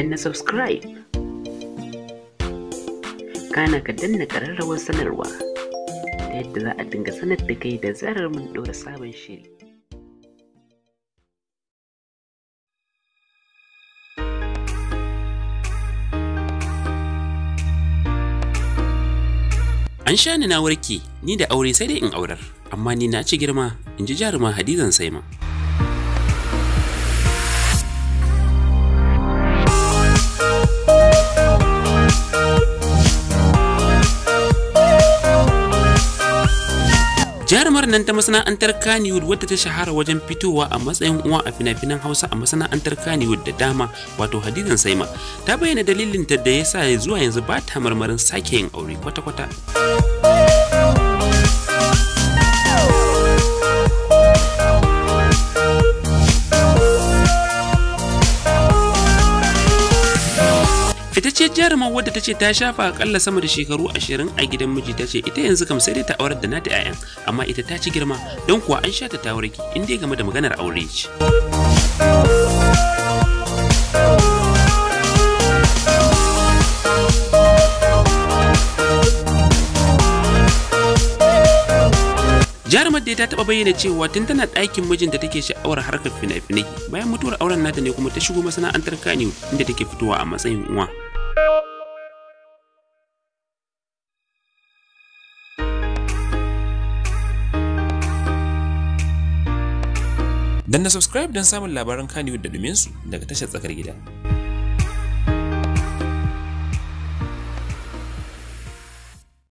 danna subscribe kana ka danna ƙararrawar sanarwa ta yadda za a dinga sanar da kai da zarar mun ɗora sabon shiri an sha ni na warke ni da aure sai dai in aurar amma ni na ci girma in ji jaruma hadizan saima jarumar nan ta masana'antar kaniwood wadda ta shahara wajen fitowa a matsayin uwa a fina-finan hausa a masana'antar kaniwood da dama wato Hadizan saima ta bayyana dalilin ta da ya sa zuwa yanzu ba ta marmarin sake yin aure kwata-kwata fitacciyar jarumar wadda ta ce ta shafa akalla sama da shekaru ashirin a gidan miji ta ce ita yanzu kam sai dai ta aurar da nata 'ya'yan amma ita ta ci girma don kuwa an sha ta ta warke in game da maganar aure ce. jarumar da ta taɓa bayyana cewa tun tana ɗakin mijinta take sha'awar harkar fina-finai bayan mutuwar auren nata ne kuma ta shigo masana'antar kani inda take fitowa a matsayin uwa Dan na subscribe don samun labaran kaniwood da su daga tashar tsakar gida.